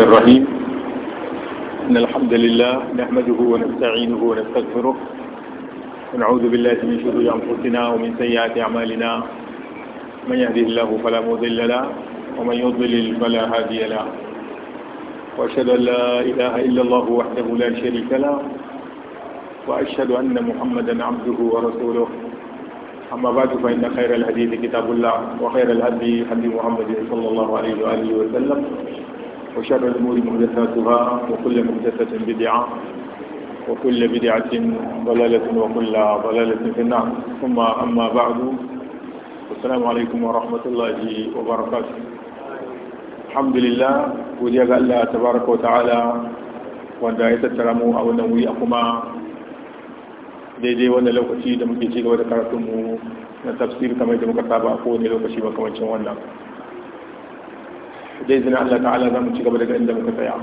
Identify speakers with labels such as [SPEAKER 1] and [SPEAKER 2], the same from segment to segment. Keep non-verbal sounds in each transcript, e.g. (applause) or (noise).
[SPEAKER 1] الرحيم إن الحمد لله نحمده ونستعينه ونستغفره ونعوذ بالله من شرور أنفسنا ومن سيئات أعمالنا من يهده الله فلا مضل له ومن يضلل فلا هادي له وأشهد أن لا إله إلا الله وحده لا شريك له وأشهد أن محمدا عبده ورسوله أما بعد فإن خير الحديث كتاب الله وخير الهدي هدي محمد صلى الله عليه وآله وسلم وشر الأمور محدثاتها وكل محدثة بدعة وكل بدعة ضلالة وكل ضلالة في النار ثم أما بعد السلام عليكم ورحمة الله وبركاته الحمد لله وديك الله تبارك وتعالى wanda ya tattara mu a wannan wuri a kuma daidai wannan lokaci da muke ci gaba da karatunmu na tafsir kamar da muka saba a kowane lokaci makamancin wannan da zina Allah ta'ala za mu ci gaba daga inda muka tsaya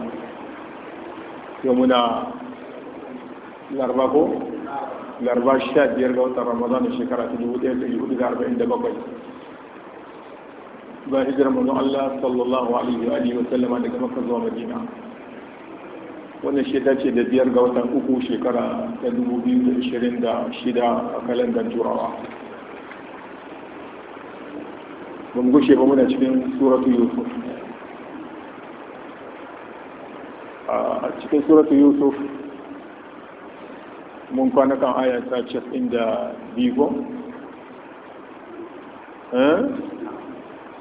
[SPEAKER 1] yau muna larba ko larba sha biyar ga watan ramadan shekara ta dubu ɗaya da hudu da arba'in da bakwai ba hijirar manzo Allah sallallahu alaihi wa alihi wa sallama daga makka zuwa madina wannan shida ce da biyar ga watan uku shekara ta dubu biyu da ashirin da shida a kalandar turawa ban gushe ba muna cikin suratu yusuf a cikin suratun yusuf mun kwana kan aya ta da biyu eh?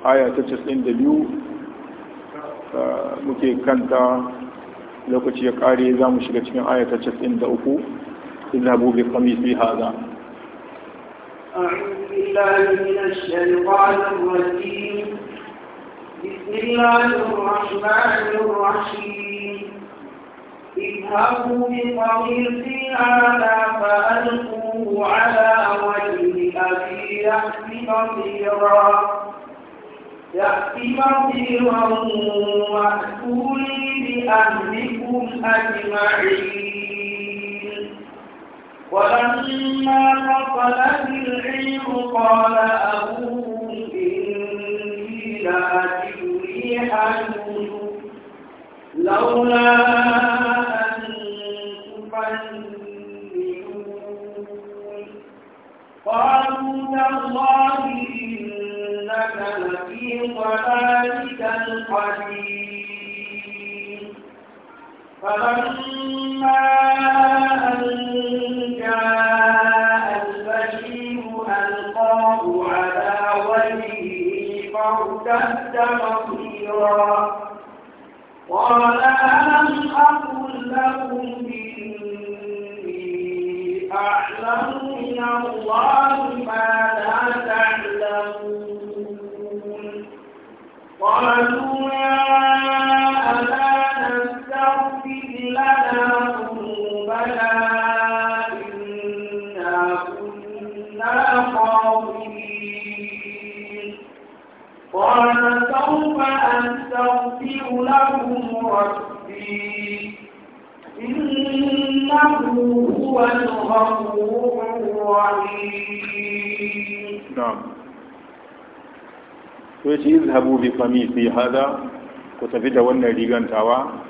[SPEAKER 1] aya ta cikin da biyu eh, muke kanta lokaci ya kare za mu shiga cikin aya ta da uku ina bi qamisi hadha
[SPEAKER 2] أعوذ بالله من بسم الله الرحمن الرحيم اذهبوا بقميصي هذا فألقوه على وجه أبي يأتي بصيرا يأتي بصيرا وأتوني بأهلكم أجمعين ولما فصلت العلم قال أبوهم إني لأجد ريح لولا قالوا تالله إنك لفي فلما أن جاء البشير ألقاه على وجهه فارتد
[SPEAKER 3] قال أقل
[SPEAKER 2] لكم وَاعْلَمُوا مِنَ اللَّهِ مَا لَا تَعْلَمُونَ قَالُوا يَا أَبَانَا اسْتَغْفِرْ لَنَا ذُنُوبَنَا إِنَّا كُنَّا خَاطِئِينَ قَالَ سَوْفَ أَسْتَغْفِرُ لَكُمْ رَبِّي Soci
[SPEAKER 1] yi zahabu bi kwami su yi haza ku tafi da wannan rigantawa,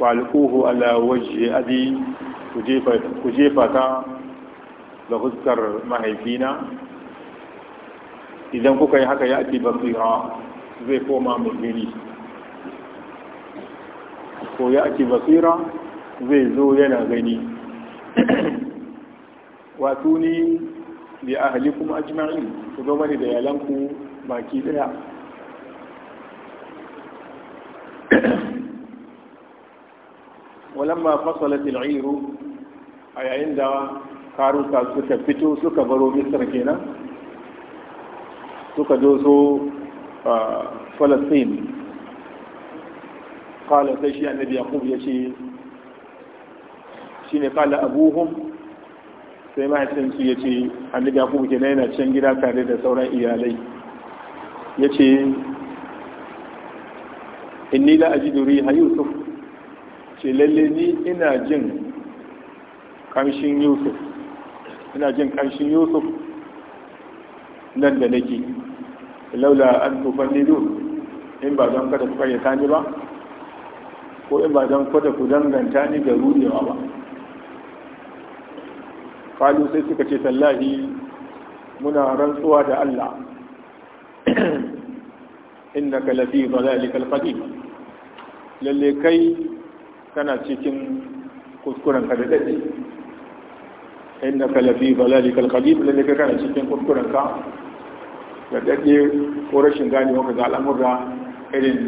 [SPEAKER 1] falkuhu alawajji adi ku jefa ta da huskar mahaifina, idan kuka yi haka ya ake basira zai koma mu gani. Ko ya ake basira zai zo yana gani wato ni ahali kuma ajma'in ku zo wani da yalanku baki daya walamma fasalat al a yayin da karuka suka fito suka baro misar kenan suka a ah, falastin qala sai shi annabi yaqub yace shine qala abuhum sai mahaifinsu ya ce annabi yakubu ke na yana can gida tare da sauran iyalai ya ce inni la ajidu riha yusuf ce lalle ni ina jin kamshin yusuf ina jin kamshin yusuf nan da nake laula an tufannidu in ba don kada ku karyata ni ba ko in ba don kwata ku danganta ni da rudewa ba kalu sai suka ce tallahi muna rantsuwa da Allah innaka lafi yi kalfadi lalle kai kana cikin kuskuren ka da dade innaka lafi yi kalfadi lalle kai kana cikin kuskuren ka da dade ko rashin gani ka ga al'amura irin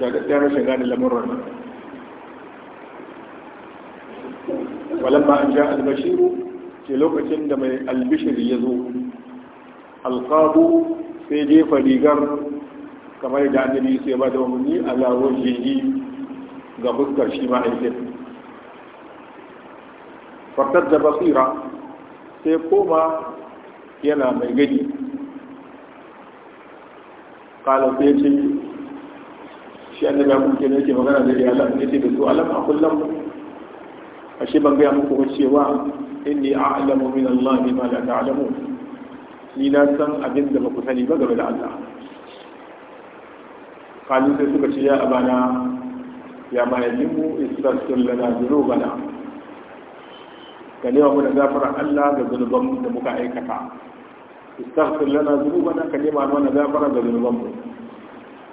[SPEAKER 1] da dade rashin gane lamurran
[SPEAKER 3] walamma an ja
[SPEAKER 1] albashiru ce lokacin da mai albishiri ya zo alqabu sai jefa rigar kamar da annabi sai ba da umarni ala wajhihi ga fuskar shi ma aikin fartar da basira sai koma yana mai gani kala sai ce shi annabi ya kuke ne yake magana da iyalan ne ce da su alam kullum ashe ban gaya muku ba cewa inni a'lamu min Allah ma la ta'lamu ni na san abin da baku sani ba game da Allah kalu sai suka ce ya abana ya mahaifin mu istaghfir lana dhunubana ka nema mu da gafarar Allah da zunuban da muka aikata istaghfir lana bana ka nema mana gafarar da zunuban mu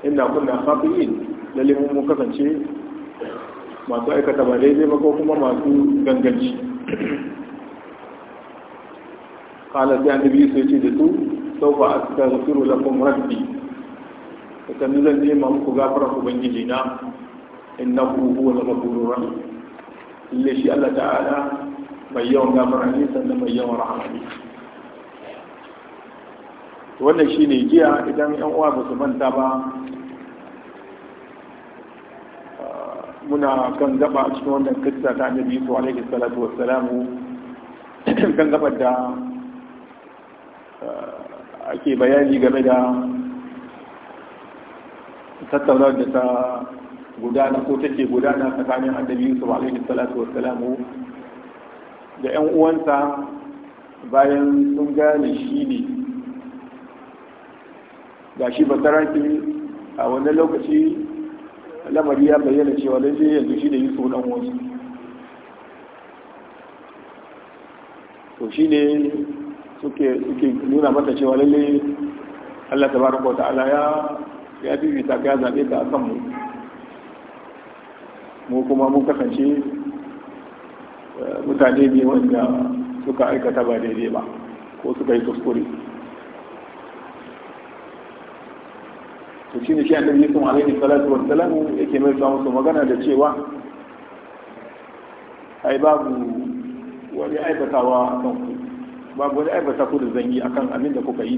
[SPEAKER 1] inna kunna khati'in lalle mun kasance masu aikata ba daidai ba ko kuma masu ganganci kala sai biyu sai ce da su sau ba astaghfiru lakum rabbi kan zan je ma muku gafarar ubangiji na innahu huwa al-ghafurur rahim lalle shi Allah ta'ala mai yawan gafara ne sannan mai yawan rahamani Wannan shi ne jiya idan yan uwa ba su manta ba muna kan gaba a cikin wannan kissa ta annabi su alaihi salatu wassalamu (clears throat) kan gaba da eh, ake bayani game da tattaunar da ta gudana ko take gudana tsakanin annabi su alaihi salatu wassalamu da 'yan uwansa bayan sun gane shi ne gashi basaraki a wani lokaci lamari ya bayyana cewa lalle yanzu shi da yi dan wasu to shi ne suke nuna mata cewa lalle Allah baraka wa ta'ala ya ya bibita ka zabe ta akan mu mu kuma mun kasance eh, mutane ne wanda suka aikata ba daidai ba ko suka yi kuskure to shi ne shi annabi yusuf alaihi salatu wa salam yake mai sa su magana da cewa ai babu wani aibatawa akan ku babu wani aibata ku da zangi akan abin da kuka yi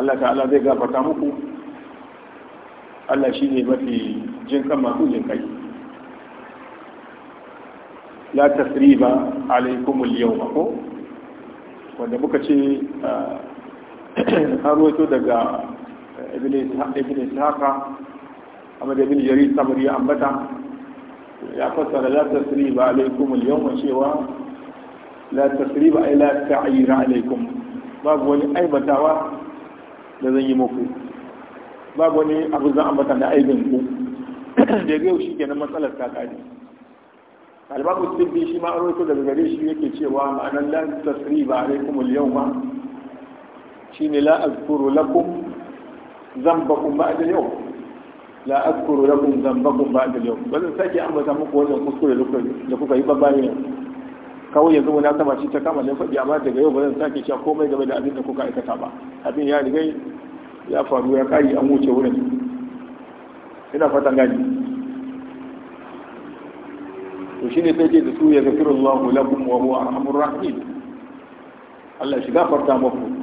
[SPEAKER 1] Allah ta'ala zai gafarta muku Allah shi ne mafi jin kan masu jin kai la tasriba alaikumul al-yawma ko wanda muka ce ah, (clears throat) an ruwaito daga eh, ibn ishaqa amma da ibn jarir samari ya ambata ya fassara la tasriba alaikum al-yawma cewa la tasriba ay la ta'ira alaikum babu wani aibatawa da zan yi muku babu wani abu zan ambata da aibin ku (clears throat) da yau shi nan matsalar ta kare albabu sirri shi ma an ruwaito daga gare shi yake cewa ma'anar la tasriba alaikum al-yawma shine la azkuru lakum zambakum ba'da yau la azkuru lakum zambakum ba'da yau ba zan sake ambata muku wannan kuskure da kuka yi ba bayan kawai yanzu wani sama shi ta kama ne faɗi amma daga yau ba zan sake cewa komai game da abin da kuka aikata ba abin ya riga ya faru ya kari an wuce wurin ina fatan gani to shine sai ce da su ya gafiru Allah lakum wa huwa arhamur rahim Allah shi gafarta muku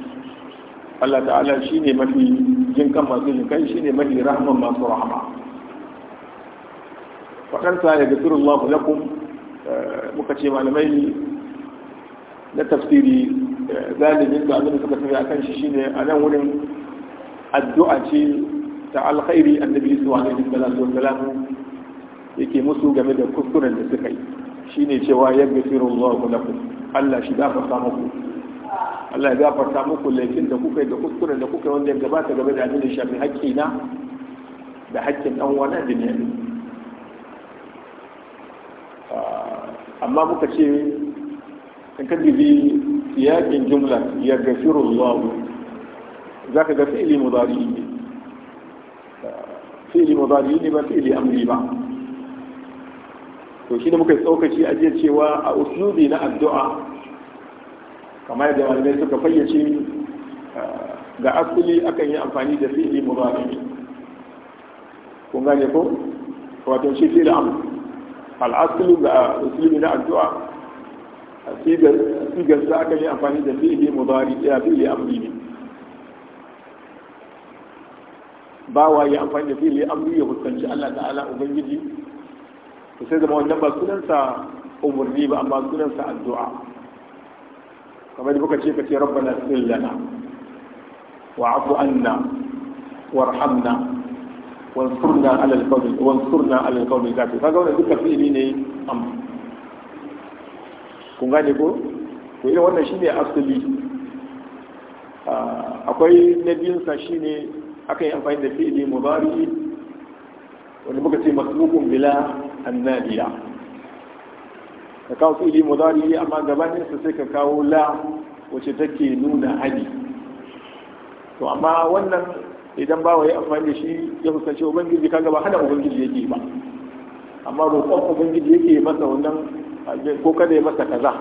[SPEAKER 1] Allah ta'ala shi ne mafi kan masu jinkan shi ne mafi rahman masu rahama faɗansa ya gafirin lafi lakum eh, muka ce malamai na tafsiri zalibin eh, da abin da suka tafi a kan shi ne a nan wurin addu'a ce ta alkhairi annabi su wa alaihi salatu wa salam yake musu game da kuskuren da suka yi shine cewa ya gafirin lafi lakum Allah shi gafarta muku Allah ya gafarta muku laifin da kuka yi da kuskuren da kuka yi wanda ya gabata game da abin da shafi haƙƙi na da haƙƙin ɗan wani da ne amma muka ce in ka dubi yaƙin jumla ya gafiru Allah za ka ga fi'ili mudari ne ah, fi'ili mudari ne ba fi'ili amri ba to shi ne muka yi tsokaci a jiya cewa a usulubi na addu'a kamar yadda malamai suka fayyace ah, ga asali akan yi amfani da fi'li mudari kun gane ko wato shi fi'li am al asli ga usulmi na addu'a sigar sigar sa akan yi amfani da fi'li mudari ya fi'li amri ne ba wa yi amfani da fi'li amri ya fuskanci Allah ta'ala ubangiji to sai zama wannan ba sunansa umurni ba amma sunansa addu'a kamar da kuka ce ka ce rabbana fil lana wa afu anna warhamna wansurna ala alqawmi wansurna ala alqawmi kafir kaga wannan duka fi'ili ne am kun gane ko to irin wannan shine asali ah, akwai na biyun sa shine akan yi amfani da fi'ili mudari wanda muka ce masbuqun bila annabiya ka kawo fi'ili mudari amma gabanin sa sai ka kawo la wacce take nuna hali to amma wannan idan ba wai amfani da shi ya fuskanci ubangiji kaga ba hana ubangiji yake ba amma roƙon ubangiji yake masa wannan ko kada ya masa kaza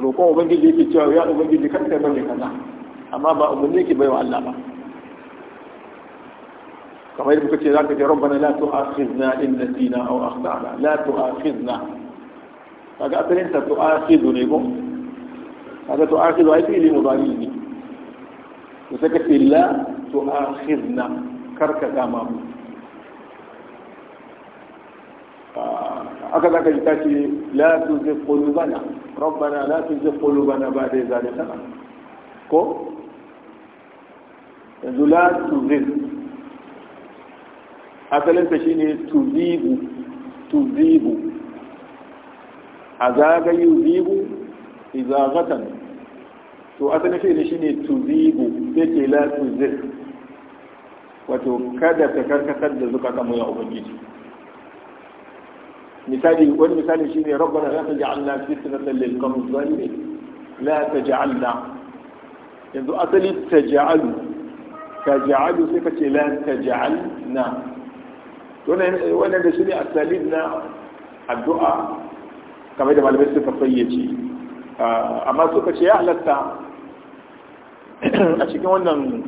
[SPEAKER 1] roƙon ubangiji yake cewa ya ubangiji kan ya bane kaza amma ba ne yake bai wa Allah ba kamar yadda kuka ce za ka ce rabbana la tu'akhidna in nasina aw akhtana la tu'akhidna kaga asalin ta tu'akidu ne ko kaga tu'akidu ai fi'li mudari ne to saka illa tu'akhidna karka kama mu ah, aka zaka ji tace la tuzigh qulubana rabbana la tuzigh qulubana ba'da idh hadaytana ko yanzu la tuzigh asalin ta shine tuzibu tuzibu a yi zibu izagatan to asali fi'ili shine tuzigu sai ke la tuzir wato kada ta karkatar da zukata mu ya ubangiji misali wani misali shine rabbana la taj'alna fitnatan lil qawmi zalimin la ta taj'alna yanzu asali ta taj'alu taj'alu sai ka ce la ta taj'alna wannan da shi ne asali na addu'a kamar da malamai suka fayyace ah, amma suka ce ya halatta a cikin wannan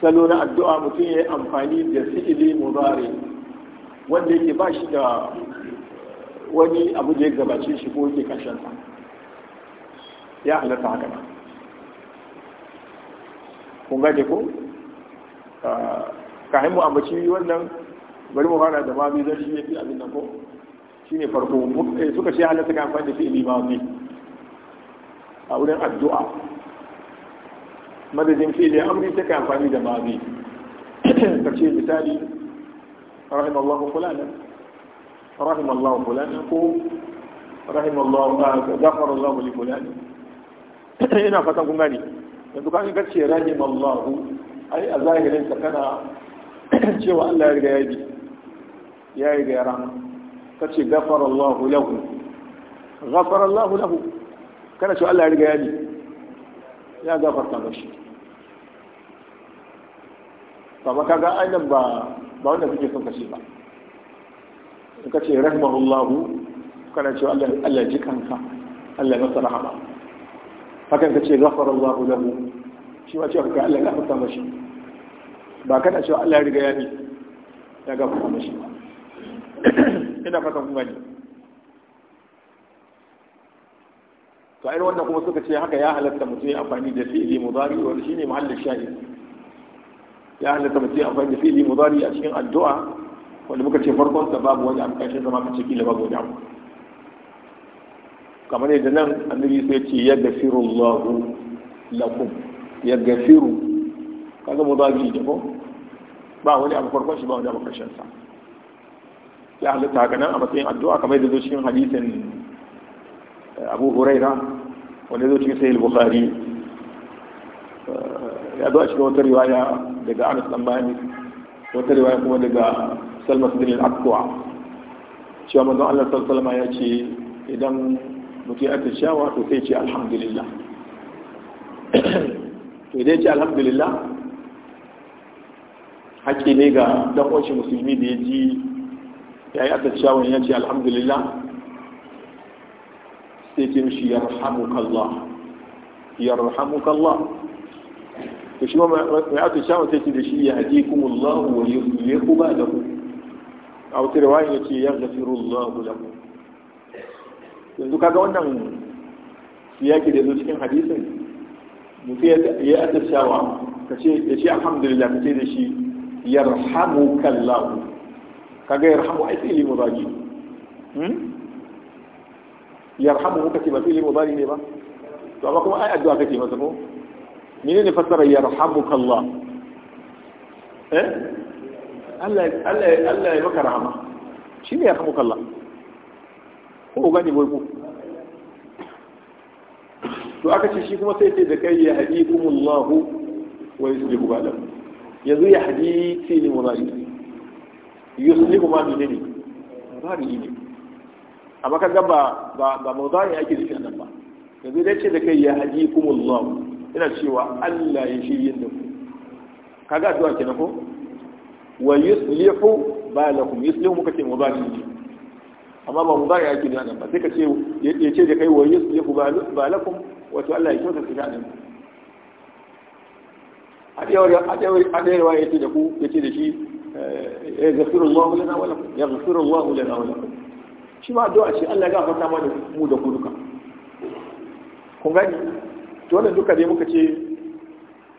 [SPEAKER 1] salo na addu'a mutum ya yi amfani da fi'ili mubari wanda yake ba shi da wani abu da ya gabace shi ko yake ƙarshensa ya halatta haka nan kun gaje ko ah, kahin mu ambaci wannan bari mu fara da ma zai shi ya fi abin nan ko Shi ne farko eh, suka ce halatta ka amfani da fi'ili madi a wurin addu'a madadin da amri ta ka amfani da madi ka ce misali rahim Allah fulana rahim Allah fulana ko rahim Allah ah, ghafara Allah li fulana (clears throat) ina fatan kun ne, yanzu kan ka ce rahim Allah ai a zahirin ka kana (clears throat) cewa Allah ya riga ya bi ya riga ya rahama ka ce ce Allah ya riga ya ne ya gafarta mashi ba ka ga ainihin ba ba wanda kake son kashe ba in ka ce rahmahullahu kana ce Allah ji kanka Allah masa rahama hakan ka ce gafarallahu lahu shi ma ce ka Allah ya gafarta mashi ba kana ce Allah ya riga ya ya ba (coughs) ina fata kun gani to ai wannan kuma suka ce haka ya halatta mutum ya amfani da fi'ili mudari wanda shine mahallin shahid ya halatta mutum ya amfani da fi'ili mudari a cikin addu'a wanda muka ce farkon sa babu wani abu shi zama kace kila babu wani kamar yadda nan annabi sai ce ya gafiru Allahu lakum ya gafiru kaga mudari ne ko ba wani abu farkon shi ba wani abu karshen sa sai halitta haka nan a matsayin addu'a kamar da zo cikin hadisin eh, abu huraira wanda zo cikin sahih bukhari eh, ya zo a cikin wata riwaya daga anas dan bayani wata riwaya kuma daga salma sidin al-aqwa cewa manzon Allah sallallahu alaihi ya ce idan mutum ya tashawa to sai ce alhamdulillah (clears throat) to idan ce alhamdulillah hakki ne ga dan uwan musulmi da ya ji ya yi cewa ya ce alhamdulillah sai ce mishi ya kalla ya kalla to shi ma mai addacciyawan sai ce da shi ya haji kuma Allah wa ya kuma da ku a wata riwaya ya ce ya gafiru Allah da ku yanzu kaga wannan siyaki da zo cikin hadisin mutum ya yi addacciyawa ka ce da shi alhamdulillah ka ce da shi ya yarhamukallahu kaga yarhamu ai fi'li mudari hmm yarhamu kace ba fi'li mudari ne ba to amma kuma ai addu'a kake masa ko ne fassara yarhamuka Allah eh Allah Allah Allah ya maka rahama ya yarhamuka Allah ko gani boy ku to aka ce shi kuma sai ce da kai ya hadikumullahu wa yusbihu ba'dahu yanzu ya hadisi ne mudari yuslihu ma mene ne mudari ne amma kaga ba ba ba mudari ake nufi nan ba yanzu dai ce da kai ya hadikumullahu ina cewa Allah ya shirye da ku kaga addu'a kenan ko wa yuslihu balakum yuslihu muka ce mudari ne amma ba mudari ake nufi nan ba sai ka ce ya ce da kai wa yuslihu balakum wato Allah ya kyauta tsakanin ku a ɗaya ya ce da ku ya ce da shi Eh, yaghfiru Allah lana to wannan duka dai muka ce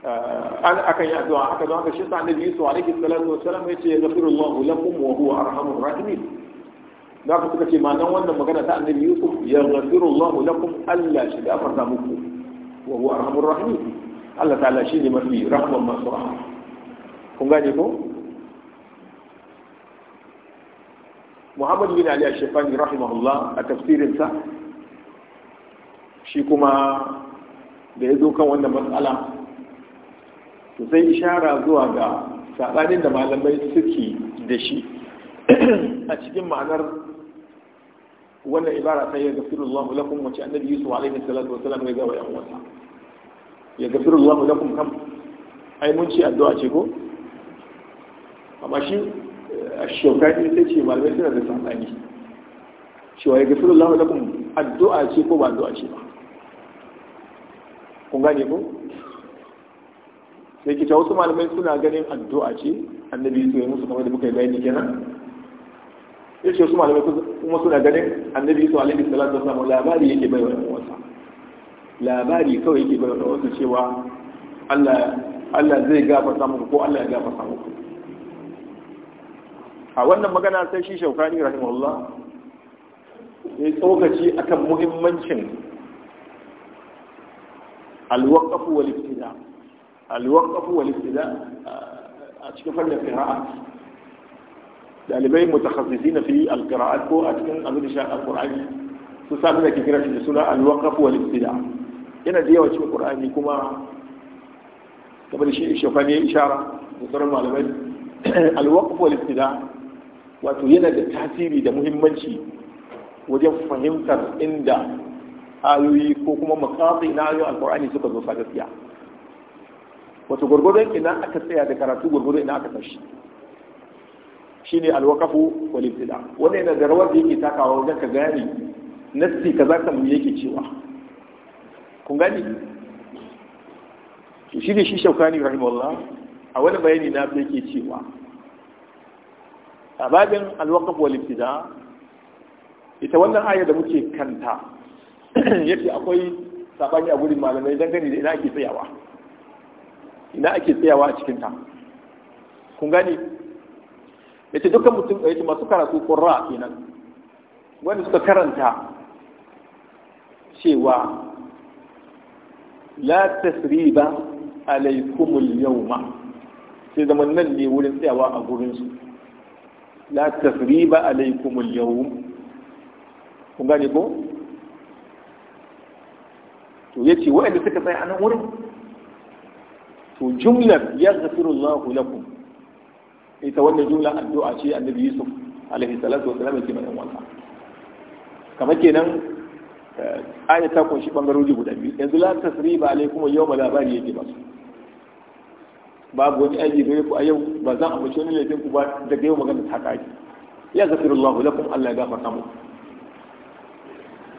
[SPEAKER 1] eh, an akan yi addu'a haka don haka shi ce ma'anar wannan magana ta annabi Yusuf yaghfiru Allah lakum Allah shi gafarta muku wa muhammad bin ali ashefani rahimahullah a tafsirinsa shi kuma da ya zo kan wannan matsala to sai ishara zuwa ga saɓanin da malamai suke da shi a cikin ma'anar wannan ibara ta yi gafirullahu mulakun wace annabi yusuf alaihi salatu wa salam ya ga yan wata ya gafirullahu lakum kam kan mun addu'a ce ko amma shi shaukani ta ce malamai suna da saɓani cewa ya gafiru lahu lakum addu'a ce ko ba addu'a ce ba kun gane ko sai kita wasu malamai suna ganin addu'a ce annabi su yi musu kamar da muka yi bayani kenan ya ce wasu malamai kuma suna ganin annabi su alaihi salatu wasallam labari yake bai wa wasa labari kawai yake bai wa wasa cewa Allah Allah zai gafarta muku ko Allah ya gafarta muku a wannan magana sai shi shaukani rahimahullah ya tsokaci akan muhimmancin alwaƙafu wal ibtida alwakafu wal ibtida a cikin fannin qira'at dalibai mutakhassisina fi alqira'at ko a cikin abin sha alqur'ani su sami da kira shi da suna alwaƙafu wal ibtida yana da yawa cikin ƙur'ani kuma kamar shi shaukani ya ishara da sauran malamai Alwaƙafu wal ibtida wato yana da tasiri da muhimmanci wajen fahimtar inda ayoyi ko kuma makasai na ayoyi alkur'ani suka zo gaskiya wato gwargwadon ina aka tsaya da karatu gwargwadon ina aka tashi shi ne alwakafu walibtila wani yana da rawar da yake takawa wajen ka gane nassi ka za ka mu yake cewa kun gani shi ne shi shaukani Allah! a wani bayani na yake cewa a babin alwaqaf wal ibtida ita wannan aya da muke kanta (clears throat) yace akwai sabani a gurin malamai dangane da ina ake tsayawa ina ake tsayawa a cikin ta kun gani yace dukkan mutum yace masu karatu qurra kenan wanda suka karanta cewa la tasriba alaikumul yawma sai zaman nan ne wurin tsayawa a gurin su la tasriba alaikum alyawm ko gani gane ko to yace wa'anda suka tsaya a nan wurin to jumlar Allahu lakum ita wannan jumla addu'a ce annabi Yusuf alaihi salatu wasallam yake mai wannan kamar kenan eh, aya ta kunshi bangarori guda biyu yanzu la tasriba alaikum al-yawm labari yake ba su babu wani aiki gare ku a yau ba zan ambaci wani laifin ku ba daga yau magana ta kare ya zafirullahu lakum Allah ya gafarta mu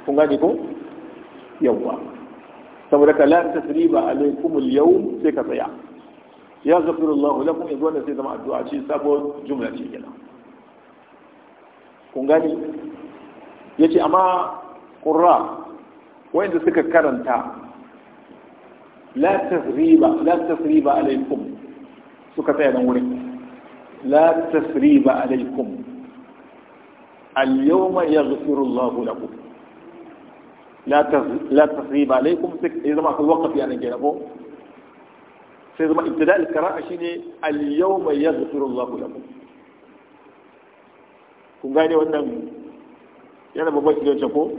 [SPEAKER 1] kun gane ko yawwa saboda ka la tasriba alaikum al-yawm sai ka tsaya ya zafirullahu lakum yanzu wannan sai zama addu'a ce sabon jumla ce kenan kun gane yace amma qurra wanda suka karanta la tasriba la tasriba alaikum suka tsaya nan wurin la tasriba alaikum al-yawma yaghfiru Allahu lakum la tasriba alaikum sai zama akwai waqafi anan kenan ko sai zama ibtida al-qira'a shine al-yawma yaghfiru Allahu lakum kun gane wannan yana babban kidan ko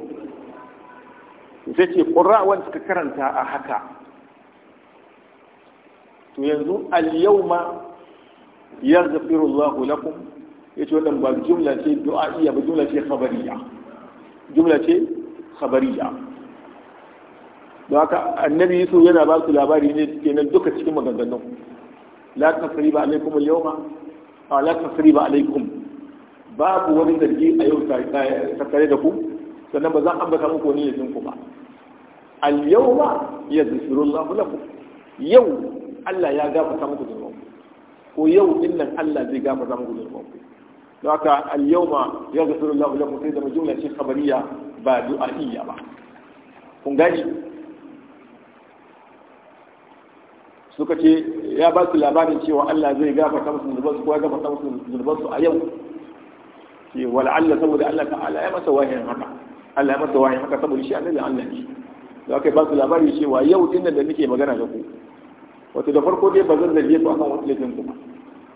[SPEAKER 1] sai ce qurra wanda suka karanta a haka to yanzu al-yawma yaghfirullahu lakum yace wannan ba jumla ce du'a'iyya ba jumla ce khabariya jumla ce khabariya don haka annabi yusuf yana ba su labari ne kenan duka cikin maganganun la tasriba alaikum al-yawma la tasriba alaikum babu wani zargi a yau tattare da ku sannan ba za a ambata muku wani yanzu ku ba al-yawma yaghfirullahu lakum yau Allah ya gafarta muku zunuban ko yau din nan Allah zai gafarta muku zunuban ku don haka al-yawma yaghfiru Allahu lakum sai da jumla ce khabariya ba du'a'iyya ba kun gani suka ce ya ba su labarin cewa Allah zai gafarta musu zunubansu ko ya gafarta musu zunubansu a yau ce wal'alla saboda Allah ta'ala ya masa wahayin haka Allah ya masa wahayin haka saboda shi annabi Allah ne da aka ba su labari cewa yau din da nake magana da ku wato da farko dai ba zan zarge ku akan wani laifin kuma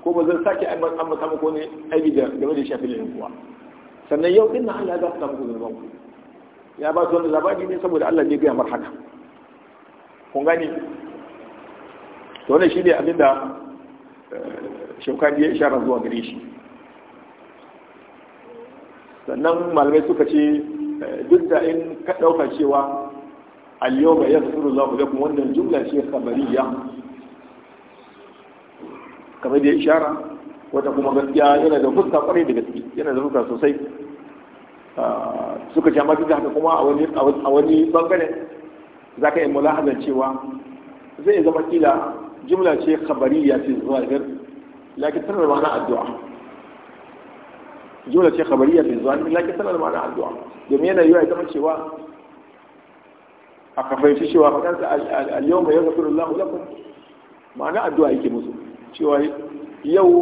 [SPEAKER 1] ko ba zan sake samu ko ne aibi da game da shafi laifin kuwa sannan yau din na Allah ya samu ku zunuban ku ya ba su wani labari ne saboda Allah ne gaya marhaka haka kun gani to shi ne abin da eh, shaukani ya isharar zuwa gare shi sannan malamai suka ce eh, duk da in ka ɗauka cewa al-yawma yaghfiru Allahu lakum wannan jumla ce khabariya kamar da ya ishara wata kuma gaskiya yana da fuska kwarai da gaske yana da fuska sosai ah, suka ce amma da haka kuma a wani bangare za ka yi mulahazar cewa zai zama kila jimla ce ya ce zuwa zahir lakin tana da ma'ana addu'a jimla ce ya ce zuwa lakin tana da ma'ana addu'a domin yana yiwa ya zama cewa a shi cewa fadansa al da yaghfiru Allahu lakum ma'ana addu'a yake musu cewa yau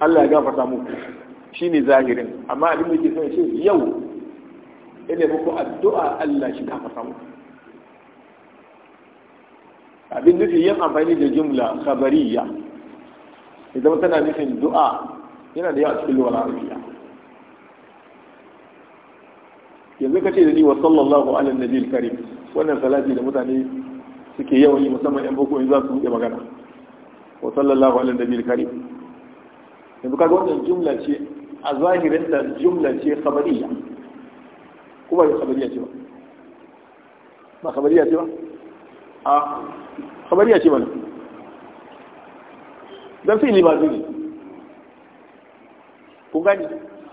[SPEAKER 1] Allah ya gafarta muku ne zahirin amma abin da ke son shi yau ina muku addu'a Allah shi gafarta muku abin nufin yin amfani da jumla khabariya idan tana nufin du'a yana da yawa cikin lugar arabiya yanzu ka ce da ni wa sallallahu ala nabi karim wannan salati da mutane suke yawan yi musamman yan boko in za su buɗe magana wa sallallahu ala nabiyil karim yanzu kaga wannan jumla ce a zahirin da jumla ce khabariya kuma ba khabariya ce ba ba khabariya ce ba a khabariya ce ba dan fi'li ba zuri kun gani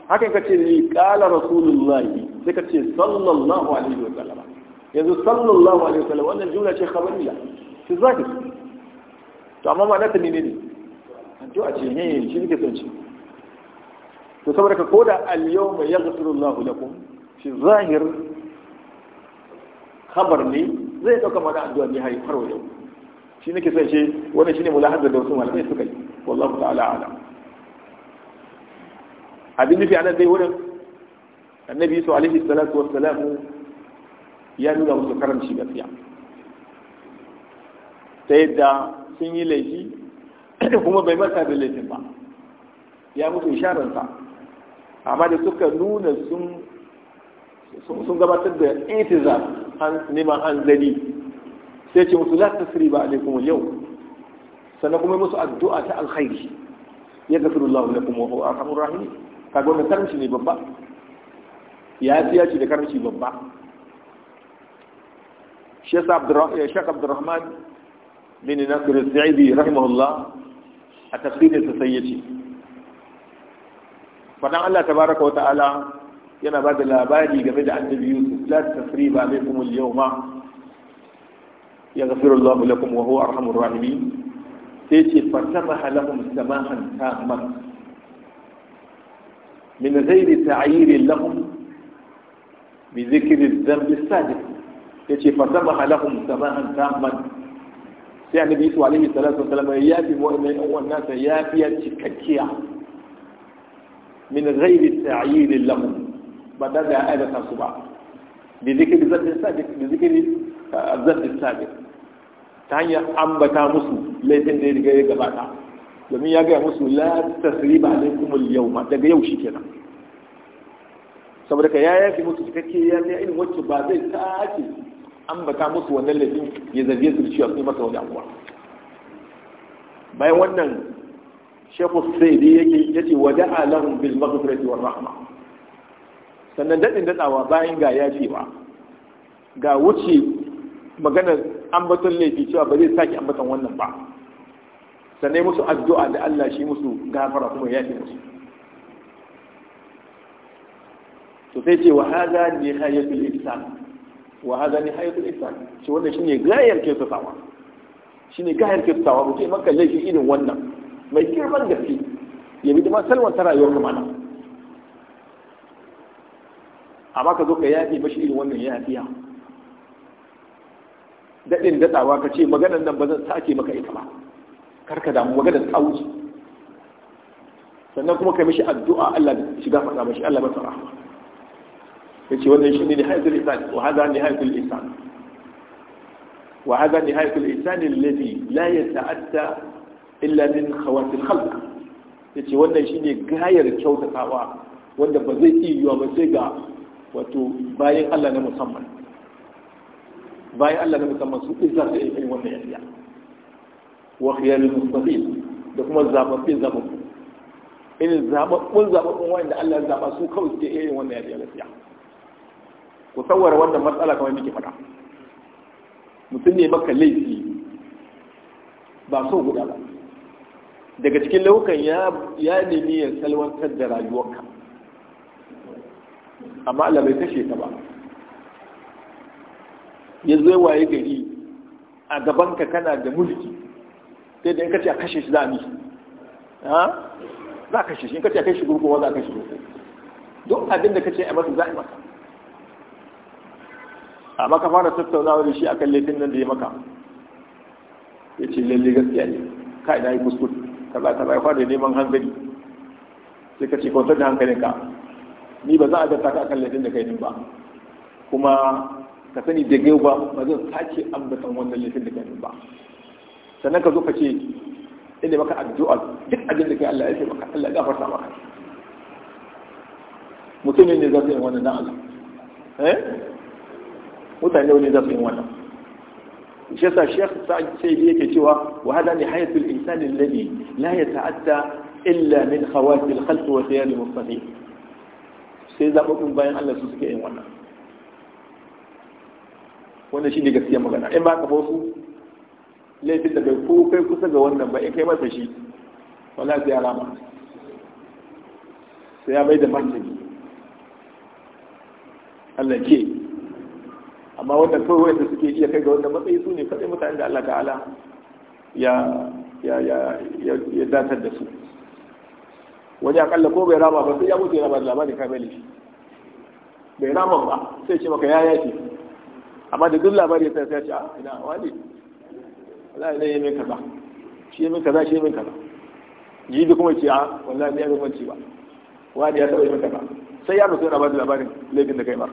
[SPEAKER 1] haka ka ce ni qala rasulullahi sai ka ce sallallahu alaihi wa yanzu sallallahu alaihi wa wannan jumla ce khabariya ce zahiri to amma ma nata to a ce eh shi ne son ci to saboda ka koda al-yawma yaghfiru Allahu lakum fi zahir khabar ne zai dauka mana addu'a ne hai har yau shi ne son ce wannan shine mulahazar da wasu malamai suka yi wallahu ta'ala alam abin nufi anan dai wurin annabi su alaihi salatu wassalamu ya nuna musu karamci gaskiya ta yadda sun yi laifi (clears throat) kuma bai mata da laifin ba ya mutu isharansa amma da suka nuna sun gabatar da intiza neman hanzari sai ce musu ta siri ba laifin yau sannan kuma musu addu'a ta alkhairi ya gafiru Allah lakum wa huwa arhamur rahim ka gwamna karanci ne babba ya fiya ce da karanci babba Sheikh Abdurrahman من ناصر السعيدي رحمه الله التفسير السيدي فدان الله تبارك وتعالى ينا بعد الأبادي جميل عن نبي يوسف لا تسريب عليكم اليوم يغفر الله لكم وهو أرحم الراحمين سيتي فسمح لهم سماحا تاما من غير تعيير لهم بذكر الذنب السادس سيتي فسمح لهم سماحا تاما sai annabi Yusuf alaihi salatu wasallam ya yafi mu'minin ɗan uwan nasa yafiya cikakkiya min ghairi ta'yid lahum ba da aida ta su ba bi zikri zati sadiq bi zikri zati sadiq ta hanyar ambata musu laifin da ya riga ya gabata domin ya gaya musu la tasriba alaikum al-yawma daga yau shikenan saboda ka ya yafi musu cikakke ya ne irin wacce ba zai sake ambata musu wannan laifin ya zarge su da cewa sun masa wani abuwa bayan wannan shekhu saidi yake yace a lahum bil maghfirati war rahma sannan dadin dadawa bayan ga ya ba, ga wuce maganar ambaton laifi cewa ba zai sake ambaton wannan ba sannan musu addu'a da Allah shi musu gafara kuma ya musu to sai ce wa hadha nihayatul ihsan wa haza ni hayatul ihsan shi wannan shine gayar ke tsawa shine gayar ke tsawa mu ce maka laifi irin wannan mai girman gaske ya bi ma salwan ta rayuwar kuma mana amma ka zo ka yafi bashi irin wannan ya fiya daɗin daɗawa ka ce maganar nan ba zan sake maka ita ba kar ka damu maganar ta wuce sannan kuma ka mishi addu'a Allah shiga faɗa mashi Allah masa rahama ya ce wannan shi ne nihayatul ihsan wa hadha nihayatul ihsan wa ne nihayatul ihsan alladhi la yata'atta illa min khawatil khalq ya ce wannan shi ne gayar kyautatawa wanda ba zai iya yiwa ba sai ga wato bayan Allah na musamman bayan Allah na musamman su izza da irin wannan yariya wa khiyarul mustaqim da kuma zababbin zababbu irin zababbun zababbun wanda Allah ya zaba su kawai suke irin wannan yariya gaskiya ku saurara wannan matsala kamar muke faɗa mutum ne maka laifi ba so guda ba daga cikin laukan ya nemi ya salwantar da rayuwarka amma Allah bai kashe ta ba ya zai waye gari a gabanka kana da mulki sai da in ka ce a kashe shi za a za a kashe shi in ka ce a kashe gurguwa za a kashe shi duk abin da ka ce a masu za a masa amma ka fara tattaunawa da shi akan laifin nan da ya maka ya ce lalle gaskiya ne ka ina yi kuskure kaza kaza ya fara neman hankali sai ka ce kwantar da ka. ni ba za a gata ka akan laifin da kai ba kuma ka sani da yau ba ba zan sake ambatan wannan laifin da kai ba sannan ka zo ka ce ina maka addu'a duk abin da kai Allah ya ce maka Allah ya gafarta maka mutumin ne zai yi wannan dan Allah eh mutane wani za su yi wannan shi yasa shekh yi sai yake cewa wa hada ni hayatul insani lalli la ta'adda illa min khawati al-khalq wa khiyar al-mustaqim sai zababin bayan Allah su suke yin wannan wannan ne gaskiya magana in ba ka ba su laifin da bai ko kai kusa ga wannan ba in kai masa shi wallahi sai alama sai ya bai da martani Allah ke amma wanda kawai da suke iya kai ga wanda matsayi su ne kaɗai mutane da Allah ta'ala ya ya ya ya datar da su wani akalla ko bai rama ba sai ya mutu ya rama da labarin kamali shi bai rama ba sai ce maka ya yaki amma da duk labari sai sai ce a ah, ina wani wallahi ne yamin kaza shi yamin kaza shi yamin kaza ji da kuma ce a ah, wallahi ne yamin kwanci ba wani ya taɓa yi yamin kaza sai ya mutu ya rama da labarin laifin da kai ba.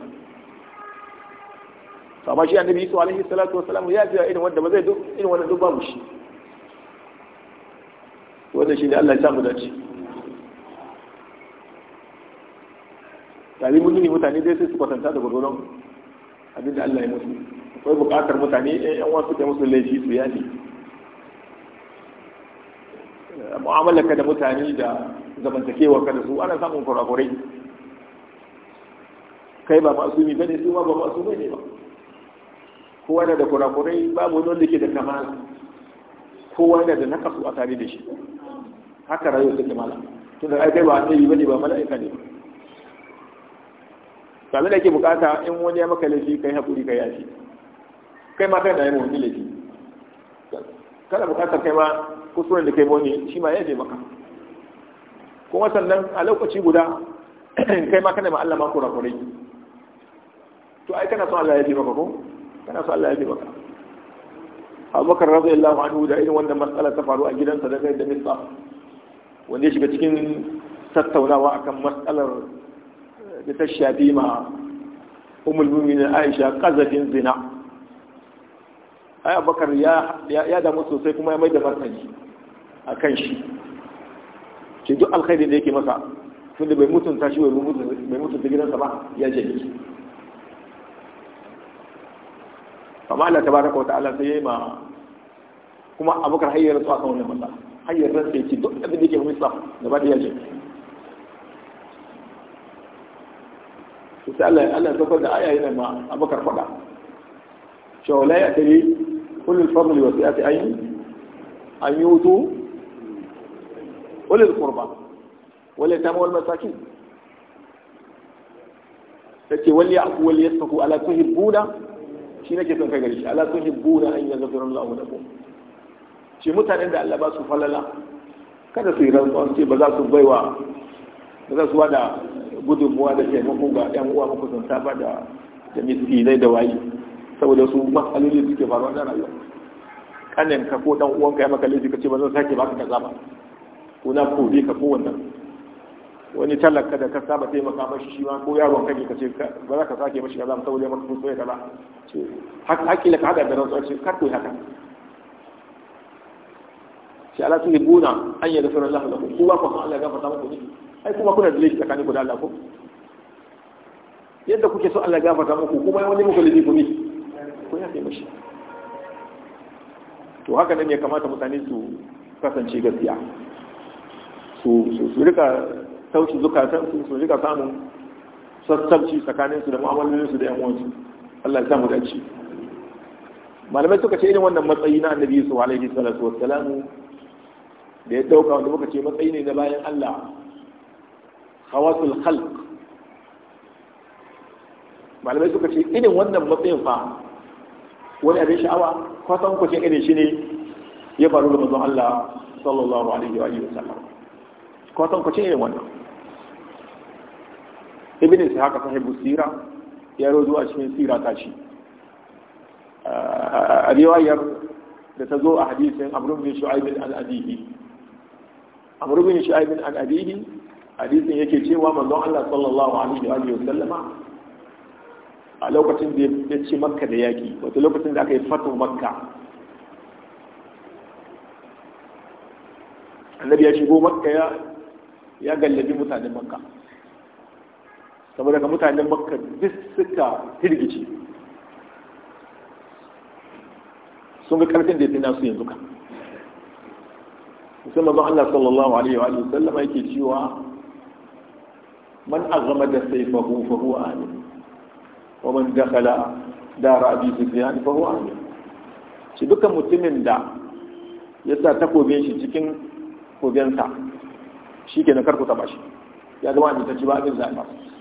[SPEAKER 1] to amma shi annabi Isa alaihi salatu wasalam ya ce irin wanda ba zai duk irin wanda duk babu shi wanda shi ne Allah ya samu dace tare mun mutane dai sai su kwatanta da gudunan abinda Allah ya musu akwai bukatar mutane eh, yan wasu kai musu laifi su yafi mu'amalarka da mutane da zamantakewa ka da su ana samun kurakurai kai ba masumi bane su ma ba masumai ne ba kowa na da kurakurai babu wani wanda ke da kamala kowa na da nakasu a tare da shi haka rayuwa take mala tunda da kai ba annabi bane ba mala'ika ne to da ke bukata in wani ya maka laifi kai hakuri kai yafi kai ma kai da yayin wani laifi kana bukatar kai ma kusurin da kai wani shi ma yaje maka kuma sannan a lokaci guda (clears throat) kai ma kana ma Allah ma kurakurai to ai kana son Allah ya ji maka ko kana so Allah ya bi maka abubakar radiyallahu anhu da irin wanda matsala ta faru a gidansa da kai da misa wanda ya shiga cikin tattaunawa akan matsalar da ta shafi ma umul mu'minin Aisha kazafin zina ai abubakar ya ya damu sosai kuma ya mai da martani akan shi ce duk alkhairi da yake masa tunda bai mutunta shi bai mutunta gidansa ba ya jani amma Allah tabaraka wa ta'ala sai yayi ma kuma abukar hayyar su akan wannan matsala hayyar ran sai ce duk abin da yake mu sa gaba da yake sai Allah Allah zafar da aya yana ma abukar fada cewa la ya'tari kullu al-fadl wa siyati ayyi an yutu ulil qurba wala tamul masakin tace wal ya'fu wal yasfaku ala tuhibbuna shi nake son kai gari shi ala tuhibbuna an yaghfira wa lakum shi mutanen da Allah ba su falala
[SPEAKER 3] kada su yi rantsuwa ce ba za su baiwa
[SPEAKER 1] ba za su wada gudunmuwa da mako ga yan uwa sun ba da da miskinai da wayi saboda su matsaloli suke faruwa da rayuwa kanin ka ko dan uwanka ya maka laifi ka ce ba zan sake baka kaza ba ko na kore ka ko wannan wani talaka da ka saba taimaka mashi shi ma ko yaron kake ka ce ba za ka sake mashi kaza mu saboda maka kuskure kaza haka hakila ka hada da rantsuwa ce kar ku haka shi ala tuhi buna an yi nasarar Allah lakum ku ba ku san Allah ya gafarta muku ne ai kuma kuna da laifi tsakanin ku da Allah ko yadda kuke so Allah ya gafarta muku kuma wani muku laifi ku ne ku yafe mashi to haka nan ya kamata mutane su kasance gaskiya su rika taushi zukatan su su rika samun sassabci tsakaninsu da mu'amalolinsu da 'yan Allah ya samu dace malamai suka ce irin wannan matsayi na annabi su alaihi salatu wassalamu da ya dauka wanda muka ce matsayi ne na bayan Allah khawasul khalq malamai suka ce irin wannan matsayin fa wani abin sha'awa kwatan ce irin shi ne ya faru da manzon Allah sallallahu alaihi wa sallam kwatan ce irin wannan ibn ishaq sahibu sira ya rozo a cikin sira ta ci a riwayar da ta zo a hadisin amru bin shu'aib al-adihi amru bin shu'aib al-adihi hadisin yake cewa manzon Allah sallallahu alaihi wa sallama a lokacin da ya ci makka da yaki wato lokacin da aka yi fatu makka annabi ya shigo makka ya gallabi mutanen makka saboda ga mutanen makka duk suka hirgici sun ga karfin da ya fi nasu yanzu ka sai mazan Allah sallallahu alaihi wa sallama yake cewa man azama da sai fahu fahu a ne wa man dakhala dara abi ne fahu a ne shi dukkan mutumin da ya sa takobin shi cikin kogensa shi ke na karkuta ba shi ya zama abin ta ci ba abin zaɓa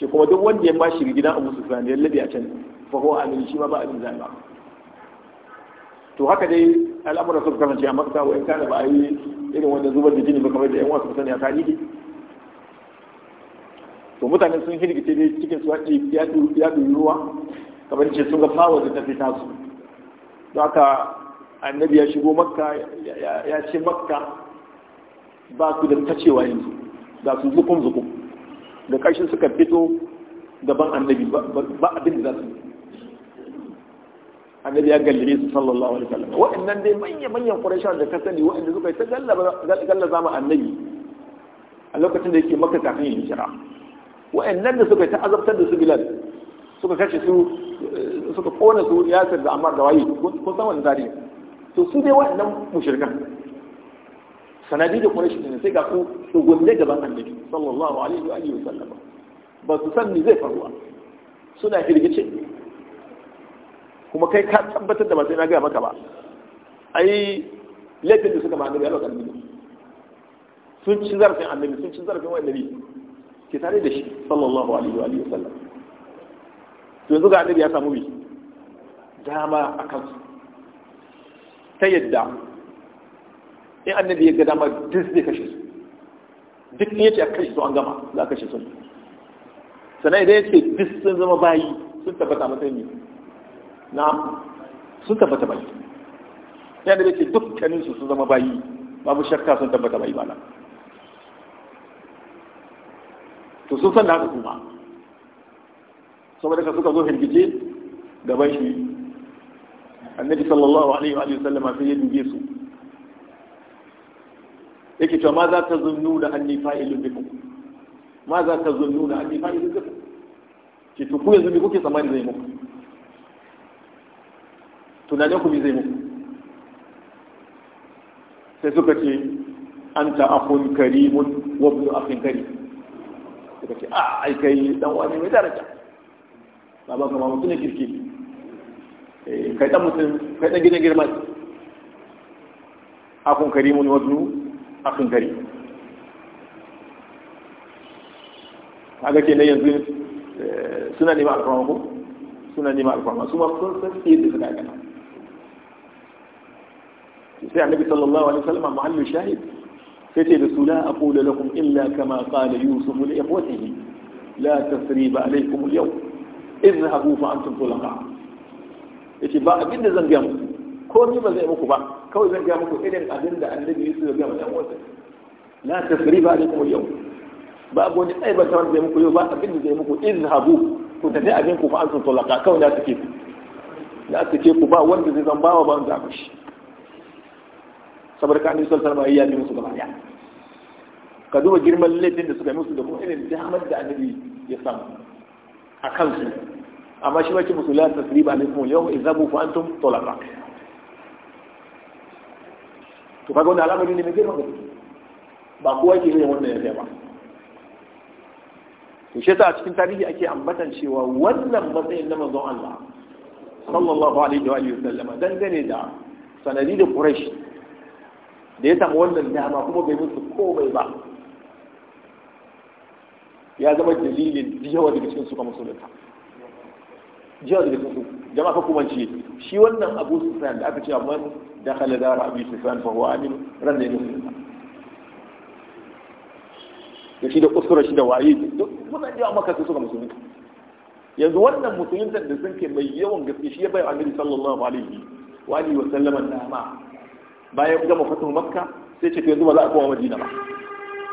[SPEAKER 1] ce kuma duk wanda ya bashi gidan Abu Sufyan ya labe a can fa huwa amin shi ma ba abin zai ba to haka dai al'amuran su kasance a makka wa in kana ba a yi irin wanda zubar da jini ba kamar da yan wasu sani a tarihi to mutane sun hirgice dai cikin su ya ruwa kamar ce sun ga fawa da tafi tasu don haka annabi ya shigo makka ya ce makka ba su da tacewa yanzu ba su zukun zukun da ƙarshen suka fito gaban annabi ba abin da za su annabi ya gallire su sallallahu alaihi wasallam wa'annan dai manya-manyan ƙurashawa da ka sani wa'anda suka yi ta gallaza ma annabi a lokacin da yake maka kafin yin shira wa'annan da suka yi ta azabtar da su bilal suka kashe su suka kona su yasir da amma da wayi kun san wannan tarihi to su dai wa'annan mushrikan sanadi da kuma shi ne sai ga ku tsugunne gaban annabi sallallahu alaihi wa alihi sallama ba su san ni zai faruwa suna girgice kuma kai ka tabbatar da ba sai na gaya maka ba ai laifin da suka ma annabi Allah annabi sun ci zarafin annabi sun ci zarafin wani annabi ke tare da shi sallallahu alaihi wa alihi sallama to yanzu ga annabi ya samu bi dama akan su ta yadda in annabi ya ga dama duk zai kashe su duk ne yace kashe su an gama za a kashe su sannan idan yace duk sun zama bayi sun tabbata matsayin ne na sun tabbata bayi ya da yace dukkanin su sun zama bayi babu shakka sun tabbata bayi ba na, to sun san da haka kuma saboda ka suka zo hirgice gaban shi annabi sallallahu alaihi wa sallama sai ya dubi su yake cewa ma za ta zunnu da anni fa'ilun bikum ma za ta nuna da anni fa'ilun bikum ki to ku yanzu me kuke tsammani zai muku tunanin ku zai muku sai suka ce ta akhun karimun wabu da akhin kari suka ce a ah, aikai dan wani mai daraja ba kama mutum ne kirki eh, kai dan mutum kai dan gidan girma akun karimun wa ibnu akan gari kaga na yanzu eh, suna neman alfarma ko suna neman alfarma su ma sun san fiye da suka gana sai annabi sallallahu alaihi wasallam muhallin shahid sai ce da su la aqulu lakum illa kama qala yusuf li ikhwatihi la tasriba alaykum al yawm idhabu fa antum tulaqa yace ba abin da zan ga muku ko ni ba zai muku ba kawai zan ga muku irin abin da annabi Yusuf ya ga mu dan wasa la tasriba alaikum yau ba wani aibata wanda zai muku yau ba abin da zai muku izhabu ku tafi abin ku fa an sun tolaka kawai da take ku da take ku ba wanda zai zan ba wanda ku shi saboda kanin sultan ma ya yi musu gaba ya ka duba girman laifin da suka musu da kuma irin damar da annabi ya samu a kansu amma shi wace musu la tasriba alaikum yau izhabu fa antum tolaka to kaga wannan al'amari ne mai girman gaske ba kowa ke yin wannan yadda ba to shi yasa a cikin tarihi ake ambatan cewa wannan matsayin na manzon Allah sallallahu alaihi wa alihi sallama dangane da sanadi da Quraysh da ya samu wannan dama kuma bai musu komai ba ya zama dalilin jiyawa daga cikin su ka musulunta jiyawa daga cikin su jama'a kuma ce shi wannan abu sufyan da aka ce man dakhala dar abi sufyan fa huwa amin ran da musulma da shi da kusura shi da waye duk mutane da maka su suka musulmi yanzu wannan musulunta da sun ke mai yawan gaske shi ya bai annabi sallallahu alaihi wa alihi wa sallama dama bayan gama fatuhu makka sai ce to yanzu ba za a koma madina ba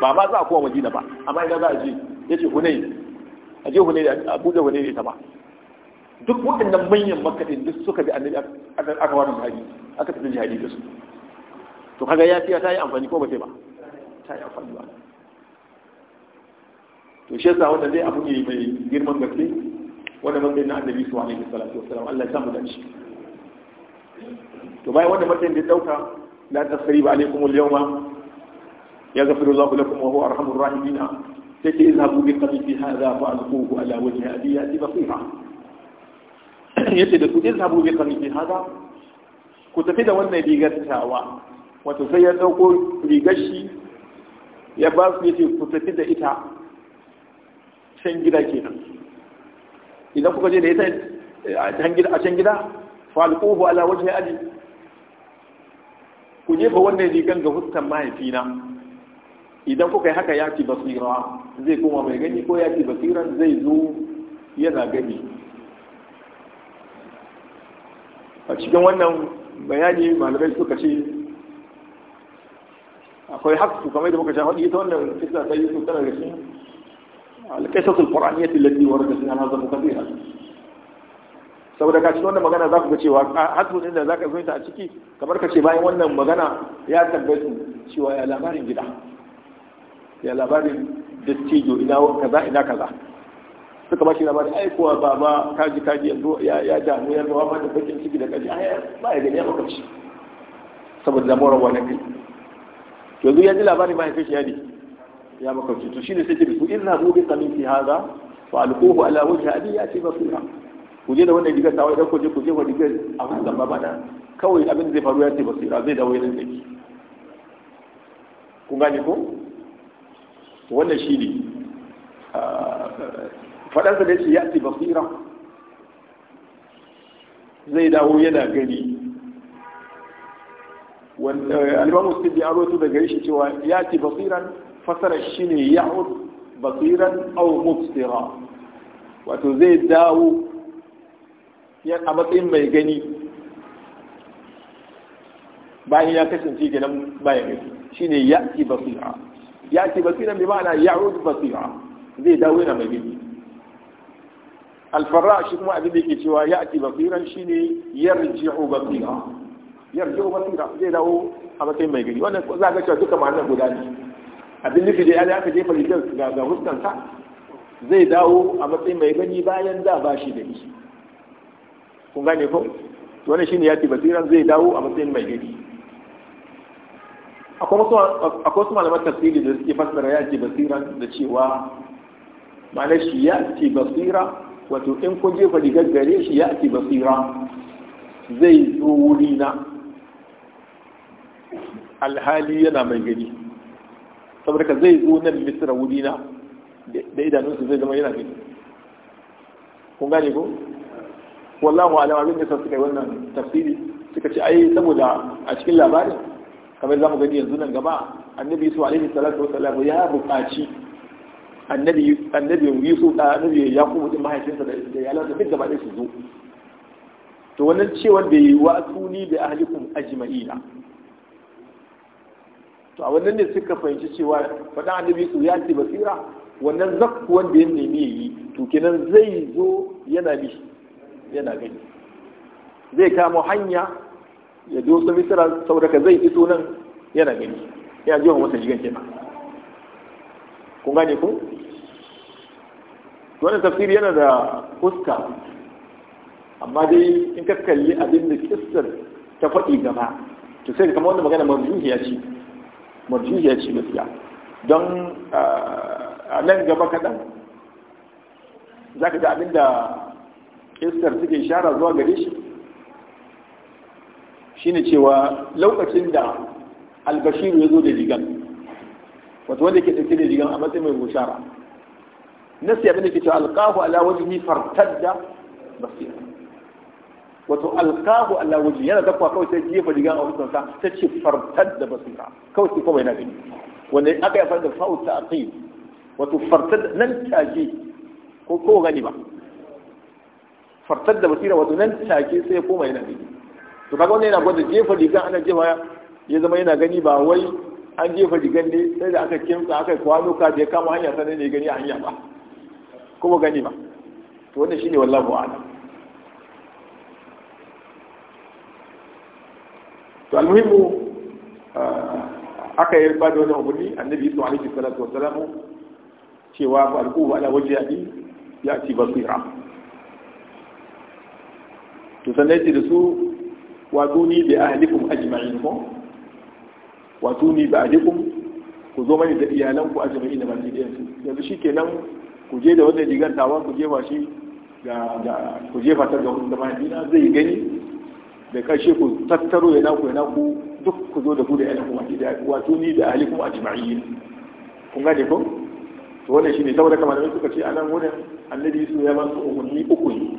[SPEAKER 1] ba ma za a koma madina ba amma idan za a je yace hunay a je hunay a buɗe hunay ne ta ba duk waɗannan manyan makadin duk suka bi annabi aka wani jihadi aka tafi jihadi da su to kaga ya fiya ta yi amfani ko ba sai ba ta yi amfani ba to shi yasa wanda zai abu ne mai girman gaske wanda matsayin na annabi su alaihi salatu wassalam Allah ya samu dace to bayan wanda matsayin da dauka la tasriba alaikum al-yawma yaghfiru Allahu lakum wa huwa arhamur rahimin sai ke izhabu bi qamisi hadha fa alquhu ala wajhi abi yati basira yace da su sabu bi qamizi hada ku tafi da wannan rigar tawa wato sai ya dauko rigar shi ya ba su yace ku tafi da ita can gida kenan idan kuka je da ita eh, a can gida fa falquhu ala wajhi ali ku je ba wannan rigar ga hustan mahaifina idan kuka yi haka ya ci basira zai koma mai gani ko ya ci basiran zai zo yana gani a cikin wannan bayani malamai suka ce akwai haƙƙu kamar da muka sha faɗi ita wannan kisa ta yi su tana da shi alƙaisar alƙur'aniyyar tilatti wa rikasi an hazar muka zira saboda ka cikin wannan magana za ku ga cewa ne inda za ka zo ta a ciki kamar ka ce bayan wannan magana ya tabbatu cewa ya labarin gida ya labarin dattijo ina kaza ina kaza suka ba shi labarin aikowa baba kaji kaji yanzu ya damu ya ba da bakin ciki da kaji ai ba ya gani ya maka shi saboda damuwar wani kai yanzu ya ji labarin kai shi ya ne ya To shi to shine sai ke da su inna bu bi fi hadha fa alquhu ala wajhi abi yati basira ku je da wannan digar tawai dan ku je ku je wa digar a wannan baba na kawai abin zai faru ya ce basira zai dawo yanin ke. kun gane ko wannan shi ne ah, فلازم يجي يأتي بصيرة زي داو ينا قلي والإمام السيدي أبو تودا قريش يأتي بصيرا فسر الشني يعود بصيرا أو مبصرا واتو داو يأتي بصيرا ما يقني باين يا كسن تيجي لم باين شني يأتي بصيرا يأتي بصيرا بمعنى يعود بصيرا زي داو ينا مجني alfarra shi kuma abin da yake cewa ya ati basiran shi shine yarji'u basira yarji'u basira zai dawo a matsayin mai gari wannan za ga cewa duka ma'anar guda ne abin nufi da ya aka jefa rigar ga ga huskansa zai dawo a matsayin mai gani bayan da ba shi da shi kun gane ko wannan shine ya ce basiran zai dawo a matsayin mai gari akwai wasu malaman tafsiri da suke fassara ya ce basiran da cewa ma'anar shi ya ce basira wato in kun jefa rigar gare shi ya ake basira zai zo wuri na alhali yana mai gani saboda ka zai zo nan misira wuri na da idanunsu zai zama yana gani kun gane ko wallahu alama abin da sa suka yi wannan tafsiri suka ce ai saboda a cikin labarin kamar za mu gani yanzu nan gaba annabi su alaihi salatu wasallam ya buƙaci annabi annabi yusuf da annabi kuma din mahaifinsa da da duk gaba ɗaya su zo to wannan cewar da yi wa tuni da aji ma'ina to a wannan ne suka fahimci cewa faɗin annabi su ya ce basira wannan zakku wanda ya nemi yi to kenan zai zo yana bi yana gani zai kamo hanya ya dosa misira saboda ka zai iso nan yana gani ya ji wa masa jigan kenan kun gane ku wannan tafsiri yana da fuska amma dai in ka kalli abin da kissar ta faɗi gaba to sai kamar wanda magana marjuhiya ce marjuhiya ce gaskiya don a nan gaba kaɗan za ka ga abin da kissar suke shara zuwa gare shi shine cewa lokacin da albashiru ya zo da rigan wato wanda ke ɗauke da rigan a matsayin mai bushara nasi abin da ke cewa alqahu ala wajhi fartadda basira wato alqahu ala wajhi yana dakwa kawai sai jefa rigan a fuskarsa ta ce fartadda basira kawai sai kawai na gani wanda aka yi da fa'u ta aqib wato fartadda nan take ko ko gani ba fartadda basira wato nan take sai koma yana gani to kaga wannan yana gwada jefa rigan ana jefa ya zama yana gani ba wai an jefa digan ne sai da aka kimsa aka kwano ka je kama hanya sanar ne gani a hanya ba kuma gani ba to wannan shine wallahu a'lam to almuhimu ah, aka yi ba da wani ne annabi su alaihi salatu Salamu, cewa fa ba ala wajhi ya ci basira to sannan da su wa duni bi ahlikum ajma'in ko wato ni ba adikum ku zo mani da iyalan ku ajma'i da baki ɗayan su yanzu shikenan ku je da wannan rigar tawa ku jefa shi
[SPEAKER 3] da ga ku
[SPEAKER 1] jefa ta ga wanda mahaifina zai gani da kashe ku tattaro yana ku yana ku duk ku zo da ku da iyalan ku mai ɗaya wato ni da ahlikum ajma'in kun gane ko to wannan shine saboda kamar da suka ce nan wurin annabi su ya ba su umurni uku ne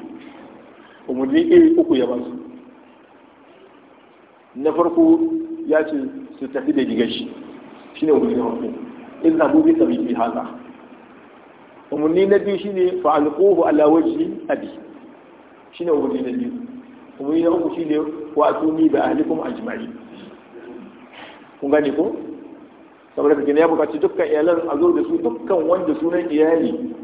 [SPEAKER 1] umurni iri uku ya ba su na farko ya ce su tafi da rigar shi shi ne wani rufin in zamu bi sabi fi haza umarni na biyu shi ne fa'alƙohu alawaji abi shi ne umarni na biyu umarni na uku shi ne wato ni da ahalikum ajma'i kun gane ko saboda kake ne ya buƙaci dukkan iyalan a zo da su dukkan wanda sunan iyali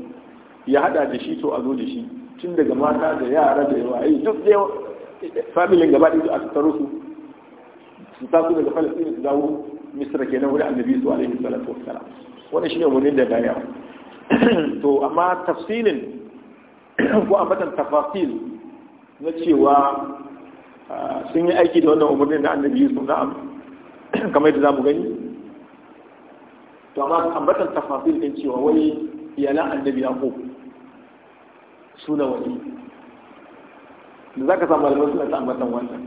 [SPEAKER 1] ya hada da shi to a zo da shi tun daga mata da yara da yawa ai duk da familin gaba ɗaya a tattaro su su taso daga falasini su dawo ke nan wuri annabi su alaihi salatu Wani wannan shine wani da gaya (clears throat) to amma tafsilin ko ambatan tafasil na cewa sun yi aiki da wannan umarnin na annabi su na'am (clears throat) kamar yadda zamu gani to amma ambatan tafasil din cewa wai iyalan annabi su suna wani da zaka samu malaman suna ta ambatan wannan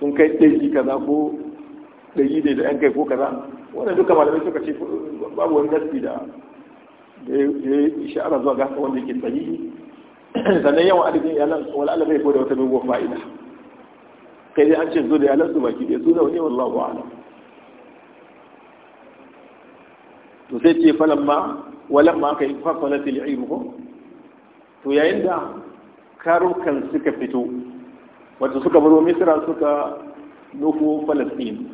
[SPEAKER 1] sun kai ɗari kaza ko ɗari da ɗan kai ko kaza wanda duka malamai suka ce babu wani gaski da ya yi sha'ara zuwa gasa wanda yake tsayi sannan yawan adadin iyalan wani ala bai da wata dogon fa'ida kai dai an ce zo da iyalan su baki ɗaya su da wani wallahu a'lam to sai ce ma falamma ma aka yi fasalati li'imuhum to yayin da karukan suka fito wanda suka baro Misira suka nufo falastin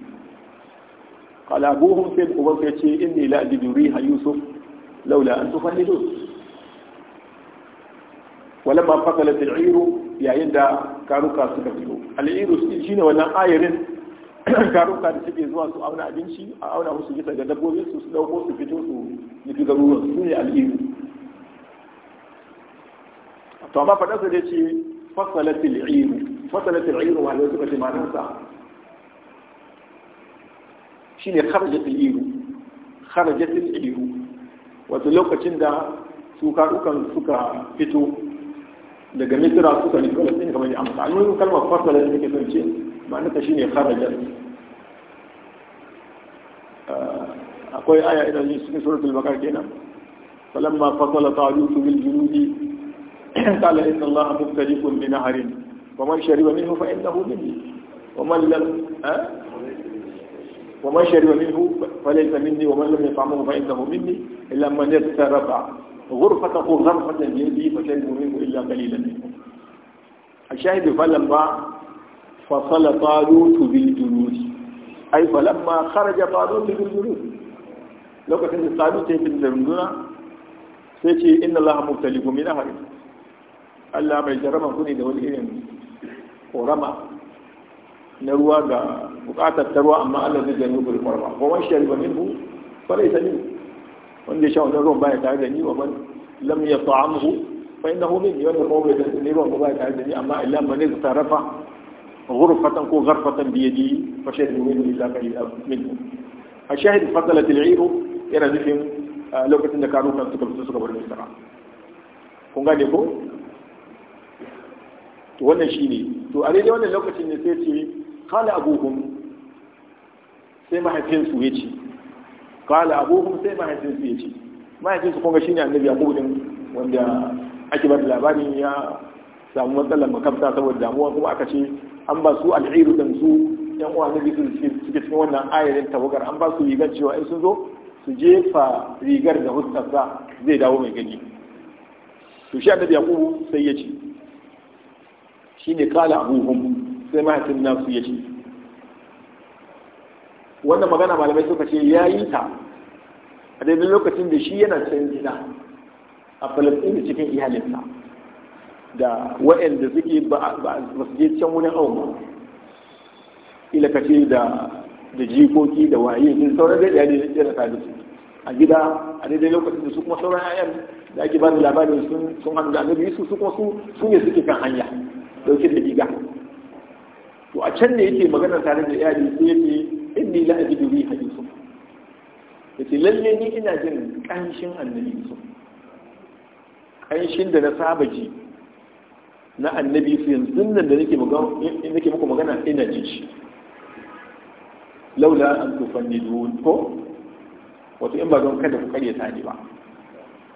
[SPEAKER 1] qala abuhum sai uban sai ce inni la ajidu riha yusuf laula an tufannidun wala ma fakala al'iru yayin da karuka suka fito al'iru shi ne wannan ayarin (clears throat) karuka da suke zuwa su auna abinci a auna musu bisa da dabbobi su su dauko su fito su nufi garuruwan su ne al'iru to amma faɗarsa da ce fakala al'iru fasalat al-ayr wa la tuqati manansa shine kharajat al-ayr kharajat al-ayr wato lokacin da su karukan suka fito daga misra suka nufi wani sun kamar da amsa an yi kalmar fasalar da take son ce ma'anarta shine kharajar akwai aya idan yin cikin suratul bakar kenan falamma fasala talutu bil junudi qala inna allaha mubtaliikum bi nahrin ومن شرب منه فإنه مني ومن لم أه؟ ومن شرب منه فليس مني ومن لم يطعمه فإنه مني إلا من اغترف غرفته غرفة بيده فشرب منه إلا قليلا منه الشاهد فلما فصل طالوت بالجلوس أي فلما خرج طالوت بالجلوس لو كان طالوت في سيتي إن الله مبتليكم من أهل الله ما يجرمه كوني والإيمان korama na ruwa ga bukatar ta ruwa amma Allah zai jami gul korama ko wani shari ba minhu fa laysa min wanda ya sha wannan ruwan baya tare da ni wa man lam yata'amhu fa innahu min wanda ko bai san ne ruwan baya tare da ni amma illa man zarafa غرفة كو غرفة بيدي فشهد منه إلا قليلا منه الشاهد فضلت العير yana nufin uh, lokacin da karnukan suka fito suka bar misra kun gane ko to wannan shi ne, to a daidai wannan lokacin ne sai ce kala abubuwan sai mahaifinsu ya ce kala abubuwan sai mahaifinsu ya ce mahaifinsu kuma ne annabi a din wanda ake ba da labarin ya samu matsalar makamta saboda damuwa kuma aka ce an ba su al'iru dan su yan uwa na bisu suke cikin wannan ayarin tawagar an ba su rigar cewa in sun zo su jefa rigar da hussarsa zai dawo mai gani to shi annabi yaqubu sai ya ce Shi ne kala abuhum sai mahaifin nasu ya ce wannan magana malamai suka ce ya yi ta a daidai lokacin da shi yana can gida a falastin cikin iyalinsa da wa'anda suke ba su je can wurin auma, ilakace da jikoki da waye sun sauran da iyali da ta da su a gida a daidai lokacin da su kuma sauran ayyar da ake ba da labarin sun hannu da annabi su su kuma su ne suke kan hanya dauke da diga to a can ne yake magana tare da iyali sai ce inni la ajidu bi hadithu yace lalle ni ina jin kanshin annabi yusuf kanshin da na saba ji na annabi su yanzu nan da nake magana nake muku magana ina jin shi laula an tufannidun ko wato in ba don kada ku karyata ni ba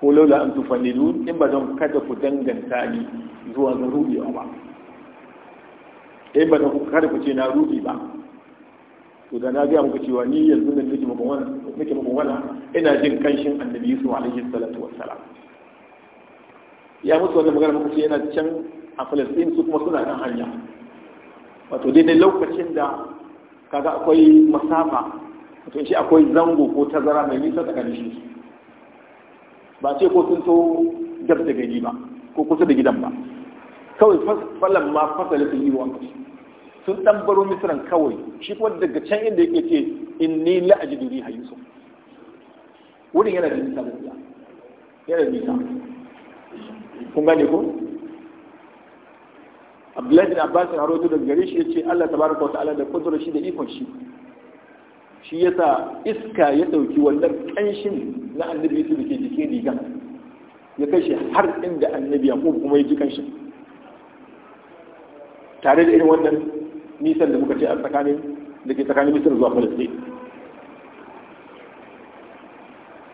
[SPEAKER 1] ko laula an tufannidun in ba don kada ku danganta ni zuwa ga rubewa ba eh ba da ku ce na rubi ba to da na ga muku cewa ni yanzu da nake muku wannan nake muku wannan ina jin kanshin annabi Yusuf alaihi salatu wassalam ya mutu wannan magana muku ce yana can a Palestine su kuma suna kan hanya wato daidai lokacin da kaga akwai masafa wato shi akwai zango ko tazara mai nisa tsakanin shi ba ce ko sun to dab da gari ba ko kusa da gidan ba kawai falon ma fasali da yi wa kashi sun ɗan baro misran kawai shi kuma daga can inda yake ce la'ajin la ajidu yi yusuf wurin yana da nisa gaskiya yana da nisa kun gane ko Abdullahi na Abbas haro rawaito daga gare shi ce Allah ta baraka ta'ala da kudura shi da ikon shi shi ya sa iska ya dauki wannan kanshin na annabi Yusuf da ke jikin riga ya kai shi har inda annabi ya kuma ya ji kanshin tare da irin wannan nisan da muka ce a tsakanin da ke tsakanin misir zuwa falastin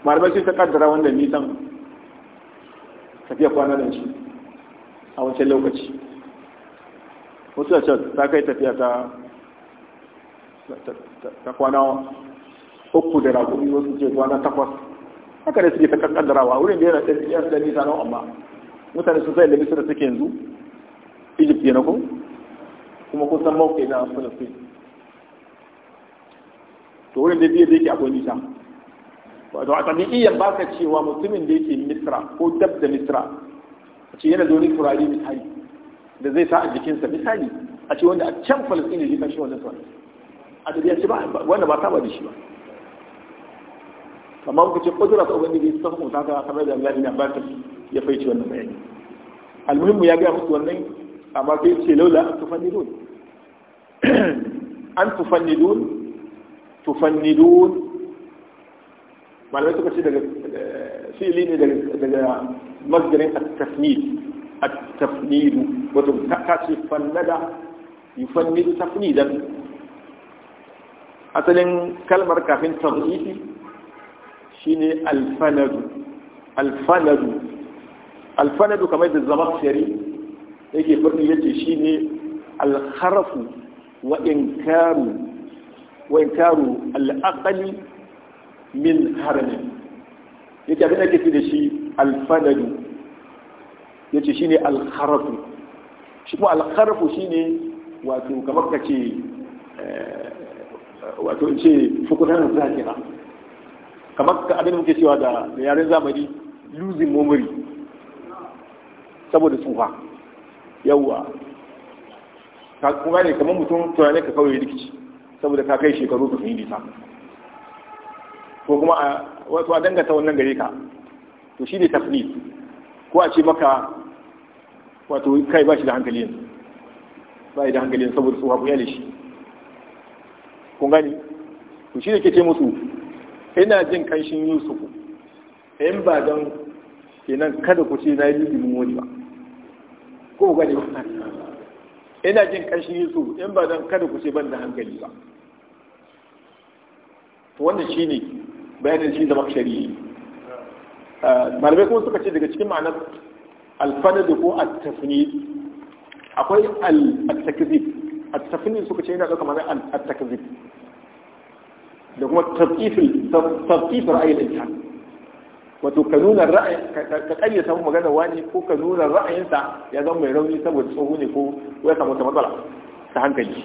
[SPEAKER 1] malamai sun ta kaddara wannan nisan tafiya kwana da shi a wancan lokaci wasu da ta kai tafiya ta ta kwana uku da rakumi wasu ce kwana takwas haka da suke ta kaddarawa wurin da yana da nisa nan amma mutane sun sai da misir suke yanzu egypt yana kuma kuma kun san mawuƙi na Falastin to wurin da biyu da yake akwai nisa wato a tsanin iyan ba ka cewa mutumin da yake misra ko dab da misra a ce yana zoni turare misali da zai sa a jikinsa misali a ce wanda a can Falastin ne kan shi wannan sa. a tafiya ce ba wanda ba saba da shi ba amma kuka ce kudura ta ubangiji sun hukunta ta kamar da Allah ya faici wannan bayani almuhimmu ya gaya musu wannan amma fi ce laula an nidun an tufan nidun malamai suka ce daga eh, fili ne daga masgarin at-tafnid a tafnid wato ta ce fannada yufannidu tafnidan asalin kalmar kafin shi shine alfanadu alfanadu alfanadu kamar da zama shari'a yake farko yace shine al-harfu wa inkaru wa inkaru al-aqli min harami yake abin da yake da shi al-fadadu yace shine al-harfu shi kuma al-harfu shine wato kamar kace eh, wato in ce fukunan zakira kamar ka abin muke cewa da yaren zamani losing memory saboda tsufa yawwa ka kuma ne kamar mutum tunanin ka kawai rikici saboda ka kai shekaru ka fi nisa ko kuma a wasu a danganta wannan gare ka to shi ne tafnit ko a ce maka wato kai ba shi da hankali yanzu ba shi da hankali yanzu saboda tsohon kuya da shi kun gani to shi ne ke ce musu ina jin kanshin yusufu in ba don kenan kada ku ce na yi limin wani ba ko gwani ina jin ƙashin su in ba don kada ku ce ban da hankali ba wannan shi ne bayanin shi zama shari'i eh, malamai kuma suka ce daga cikin ma'anar da ko tafini akwai al a tafini suka ce yana ɗauka ma'anar al-takzib da kuma tafkifin ra'ayin wato ka nuna ra'ayin ka kayyata mu magana wani ko ka nuna ra'ayinsa ya zama mai rauni saboda tsoho ne ko ya samu ta matsala ta hankali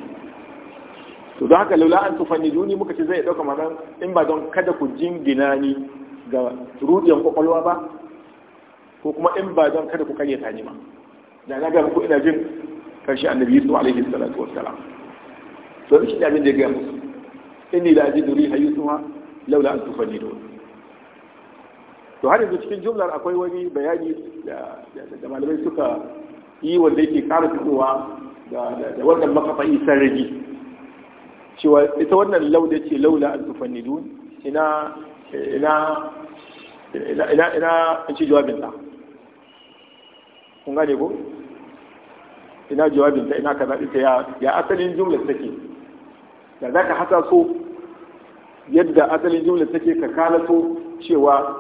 [SPEAKER 1] to don haka laula an tufanni duni muka ce zai dauka magan in ba don kada ku jingina ni ga rudiyan kwakwalwa ba ko kuma in ba don kada ku kayyata ni ma da na ga ku ina jin karshe annabi yusuf alaihi salatu wassalam to shi da abin da ya ga musu inni la jiduri riha laula an tufanni duni to har yanzu cikin jumlar akwai wani bayani da malamai suka yi wanda yake ƙara fitowa da wannan isan rage. cewa ita wannan lauda ce laula an tufannidun ina ina ina ina ina an ci jawabin ta kun gane ko ina jawabin ta ina ka ita ta ya asalin jumlar take da ka hata so yadda asalin jumlar take ka kala so cewa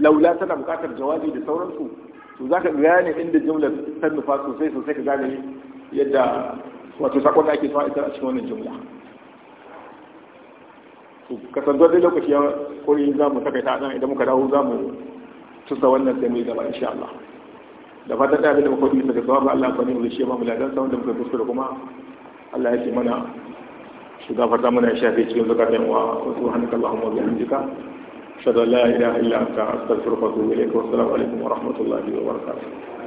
[SPEAKER 1] laula tana buƙatar jawabi da sauransu to za ka gane inda jumlar ta nufa sosai sosai ka gane yadda wato sakon da ake so a cikin wannan jumla to kasantuwar dai lokaci ya kori za mu saka ta nan idan muka dawo za mu tusa wannan sai mu yi gaba insha Allah da fatan da da muka daga sawa Allah ba ne mu shi ba mu ladan sa da muka kuskure kuma Allah ya ce mana shugaba ta mana shafi cikin zakatan wa subhanakallahumma wa bihamdika أشهد أن لا إله إلا أنت أستغفرك وأتوب إليك والسلام عليكم ورحمة الله وبركاته